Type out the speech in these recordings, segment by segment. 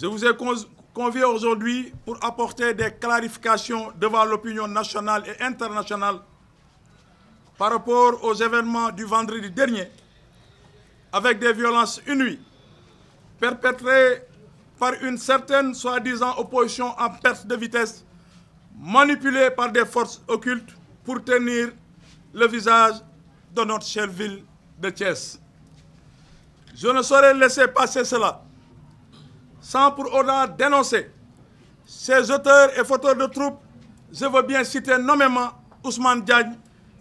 Je vous ai convié aujourd'hui pour apporter des clarifications devant l'opinion nationale et internationale par rapport aux événements du vendredi dernier, avec des violences inouïes, perpétrées par une certaine soi-disant opposition en perte de vitesse, manipulée par des forces occultes pour tenir le visage de notre chère ville de Thiès. Je ne saurais laisser passer cela sans pour autant dénoncer ces auteurs et fauteurs de troubles, je veux bien citer nommément Ousmane Diagne,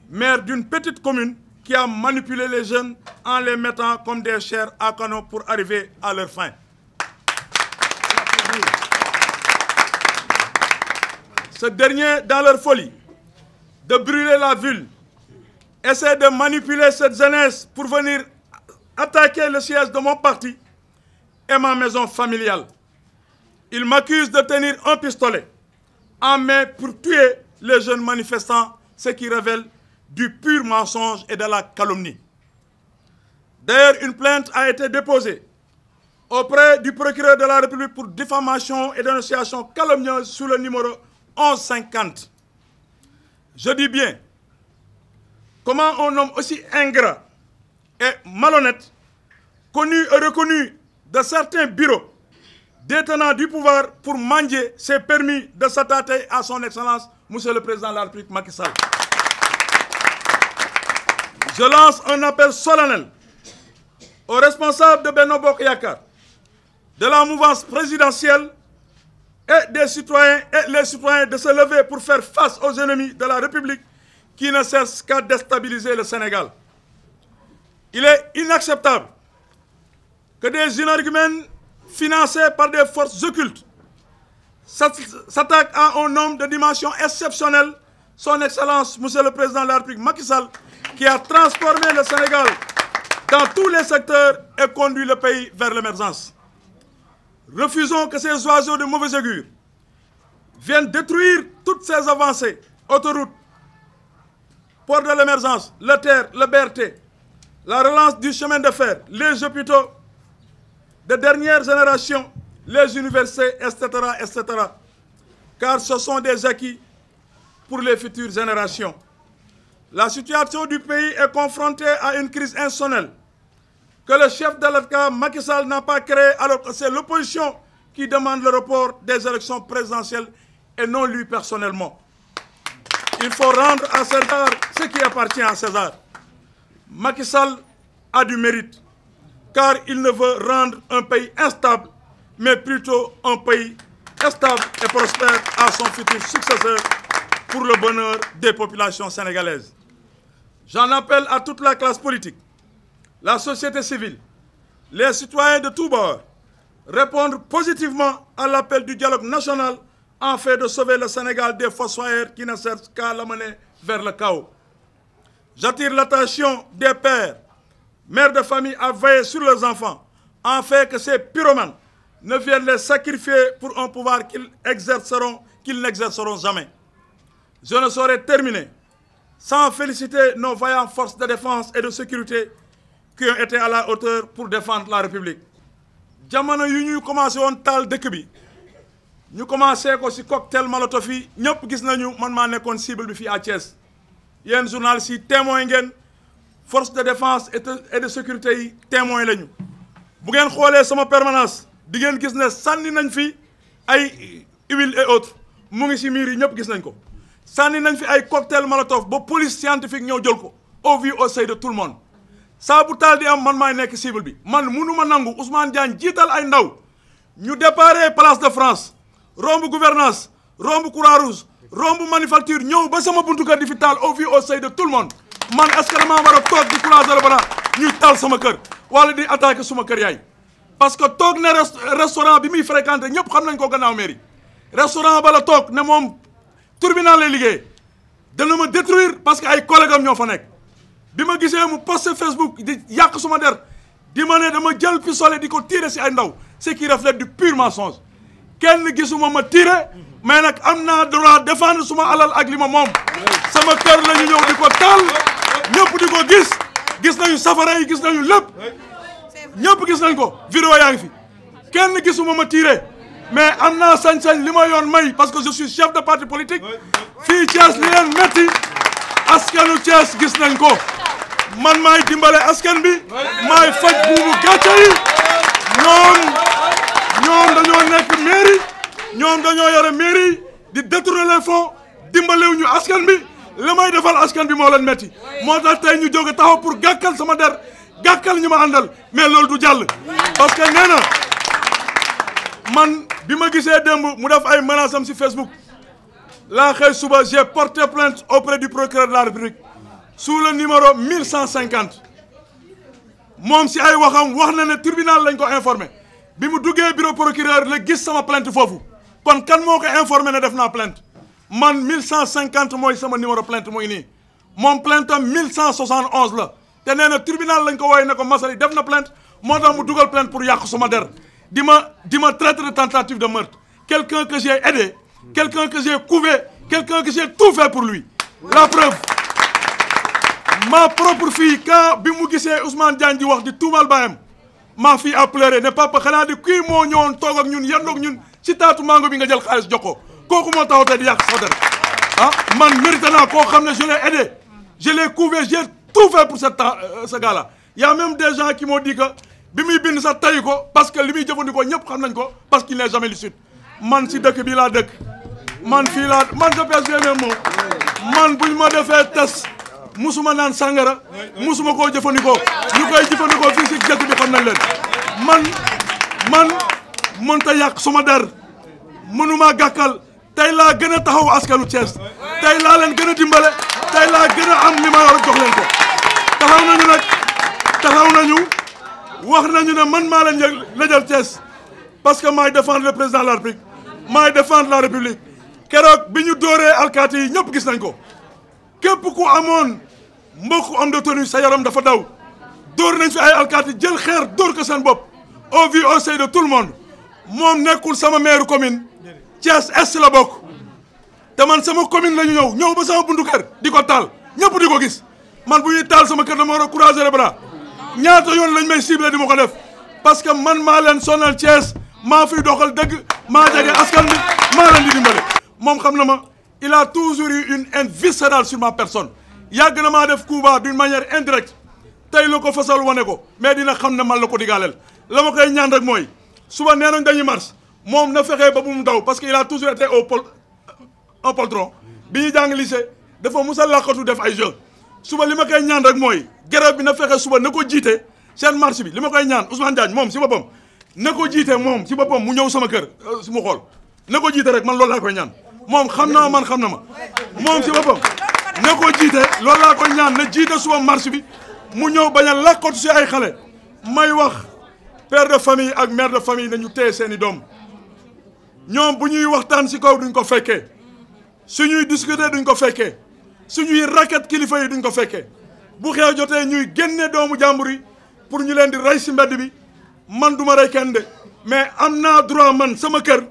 maire d'une petite commune qui a manipulé les jeunes en les mettant comme des chairs à canon pour arriver à leur fin. Ce dernier, dans leur folie de brûler la ville, essaie de manipuler cette jeunesse pour venir attaquer le siège de mon parti et ma maison familiale. Il m'accuse de tenir un pistolet en mai pour tuer les jeunes manifestants, ce qui révèle du pur mensonge et de la calomnie. D'ailleurs, une plainte a été déposée auprès du procureur de la République pour diffamation et dénonciation calomnieuse sous le numéro 1150. Je dis bien, comment un homme aussi ingrat et malhonnête, connu et reconnu de certains bureaux détenant du pouvoir pour manger s'est permis de s'attaquer à son excellence, Monsieur le Président de la République Macky Je lance un appel solennel aux responsables de Benno Bokk Yakaar, de la mouvance présidentielle et des citoyens et les citoyens de se lever pour faire face aux ennemis de la République qui ne cessent qu'à déstabiliser le Sénégal. Il est inacceptable que des énergumènes financés par des forces occultes s'attaquent à un homme de dimension exceptionnelle, son Excellence, Monsieur le Président de la République, Macky Sall, qui a transformé le Sénégal dans tous les secteurs et conduit le pays vers l'émergence. Refusons que ces oiseaux de mauvais augure viennent détruire toutes ces avancées, autoroutes, port de l'émergence, le terre, le BRT, la relance du chemin de fer, les hôpitaux, de dernière génération, les universités, etc., etc. Car ce sont des acquis pour les futures générations. La situation du pays est confrontée à une crise insonnelle que le chef de l'AFCA, Macky Sall, n'a pas créée alors que c'est l'opposition qui demande le report des élections présidentielles et non lui personnellement. Il faut rendre à César ce qui appartient à César. Macky a du mérite. car il ne veut rendre un pays instable, mais plutôt un pays stable et prospère à son futur successeur pour le bonheur des populations sénégalaises. J'en appelle à toute la classe politique, la société civile, les citoyens de tous bords, répondre positivement à l'appel du dialogue national en fait de sauver le Sénégal des fossoyeurs qui ne servent qu'à l'amener vers le chaos. J'attire l'attention des pères mère de famille à veiller sur les enfants, en fait que ces pyromanes ne viennent les sacrifier pour un pouvoir qu'ils exerceront, qu'ils n'exerceront jamais. Je ne saurais terminer sans féliciter nos vaillantes forces de défense et de sécurité qui ont été à la hauteur pour défendre la République. jamono yu ñuy commencé woon taal dëkk bi ñu commencé ko ci cocktail Molotov yi ñëpp gis nañu man maa nekkoon cible bi fii à Thiès yéen ci yi témoin force de défense et de sécurité yi témoin lañu bu ngeen xoolee sama permanence di ngeen gis ne sànni nañ fi ay huile et autres mu ngi ci miir yi ñëpp gis nañ ko sànni nañ fi ay cocktail molotov ba police scientifique ñëw jël ko au vu au seuil de tout le monde saa bu taal di am man maay nekk cible bi man munuma nangu Ousmane Diagne jiital ay ndaw ñu déparé place de France romb gouvernance romb Croix-Rouge romb manufacture ñëw ba sama buntu kër di fi taal au vu au seuil de tout le monde man est-ce que dama war a toog di croiser le bras ñuy taal sama kër wala di attaquer suma kër yaay parce que toog na restaurant bi muy fréquenté ñëpp xam nañ ko gannaaw mairie restaurant ba la toog ne moom tribunal lay liggéey dana ma détruire parce que ay collègues am ñoo fa nekk bi ma gisee mu posté Facebook di yàq suma der di ma ne dama jël pistolet di ko tirer si ay ndaw ce qui reflète du pur mensonge kenn gisuma ma tirer mais nag am naa droit défendre suma alal ak li ma moom sama kër la ñu ñëw di ko ñëpp di ko gis gis nañu safara yi gis nañu lépp ñëpp gis nañ ko vidéo fi kenn gisuma ma tiire mais am naa sañ-sañ li ma yoon may parce que je suis chef de parti politique fii Thiès li leen metti askanu Thiès gis nañ ko man maay dimbale askan bi maay faj buubu gàcce yi ñoom ñoom dañoo nekk mairie ñoom dañoo yore mairie di détourner les fonds dimbalewu bi li may defal askan bi moo leen metti moo tax tey ñu jóge taxaw pour gàkkal sama der gàkkal ñu ma àndal mais loolu du jàll parce que nee man bi ma gisee démb mu def ay menaces am si Facebook laa xëy suba j'ai porté plainte au du procureur de la République sous le numéro 1150 moom si ay waxam wax na ne tribunal lañ ko informé bi mu duggee bureau procureur la gis sama plainte foofu kon kan moo ko informé ne def naa plainte man 1150 mooy sama numéro plainte mooy nii moom plainte am 1171 la te nee na tribunal lañ ko wooye ne ko Massaly def na plainte moo tax mu dugal plainte pour yàq suma der di ma di ma traiter de tentative de meurtre quelqu'un que j'ai aidé quelqu'un que j'ai couvé quelqu'un que j'ai tout fait pour lui la preuve ma propre fille quand bi mu gisee Ousmane Diagne ji wax di tuumal baayam ma fi a pleuré ne papa xanaa di kii moo ñëwoon toog ak ñun yendoog ñun si taatu mango bi nga jël xaalis jox ko kooku moo taxaw tey di yàq sa der ah man mérité naa koo xam ne je l'ai aidé je l'ai couvé j'ai tout fait pour euh, ce temps ce gars a même des gens qui m'ont dit que bi muy bind sax tayu ko parce que li muy jëfandikoo ñëpp xam nañ ko parce qu'il n'est jamais lucide man si dëkk bi laa dëkk man fii laa man je pèse bien moom man buñ ma defee test musuma naan sàngara musuma koo jëfandikoo ñu koy jëfandikoo fii si dëkk bi xam nañ leen man man mënta yàq suma der mënuma gàkkal tey laa gën a taxaw askanu Thiès tey laa leen gën a dimbale tey gën a am li ma war a jox ko taxaw nañu nag taxaw nañu wax nañu ne man maa leen lajal Thiès parce que maay défendre président la République maay défendre la République keroog bi ñu dooree alkaati yi ñëpp gis nañ ko képp ku amoon mbokku homme de tenue sa yaram dafa daw dóor nañ fi ay alkaati jël xeer dóor ko seen bopp au vu au su de tout le monde moom nekkul sama maire commune Thiès est la bokk te man sama commune la ñu ñëw ñëw ba sama buntu di ko taal ñëpp di ko gis man bu ñuy taal sama kër dama war a croiser bara ñaata yoon lañ may ciblé di ma ko def parce que man maa leen sonal Thiès maa fiy doxal dëgg maa jege askan bi maa leen di dimbale. moom xam na ma il a toujours eu une haine viscérale sur ma personne yàgg na maa def Cuba d'une manière indirecte tey la ko fasal wane ko mais dina xam ne man la ko digaaleel la ma koy ñaan mooy suba nee nañ dañuy marche. moom na fexee ba bu mu daw parce que il a toujours été au pol un euh, poltron bi ñuy jàng lycée dafa musa làqatu def ay jeux suba li ma koy ñaan rek mooy grève bi na fexe suba na jiite seen marche bi li ma koy ñaan Ousmane Diagne moom si boppam na ko jiite moom si boppam mu ñëw sama kër euh, su mu xool na ko jiite rek man loolu laa ñaan moom xam na man xam na ma moom si boppam na ko jiite loolu laa ñaan na jiite suba marche bi mu ñëw bañ a làqatu si ay xale may wax père de ak mère famille nañu téye seen i doom ñoom bu ñuy waxtaan si kaw duñ ko fekkee suñuy discuter duñ ko fekkee suñuy raket kilifa yi duñ ko fekkee bu xew jotee ñuy génne doomu jàmbur yi pour ñu leen di rey si mbedd bi man du ma rey kenn de mais am naa droit man sama kër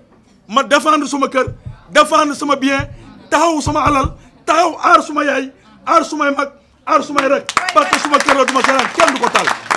ma défendre suma kër défendre sama bien taxaw sama alal taxaw aar suma yaay aar sumay mag aar sumay rek parce que suma kër la du ma kenn du ko tal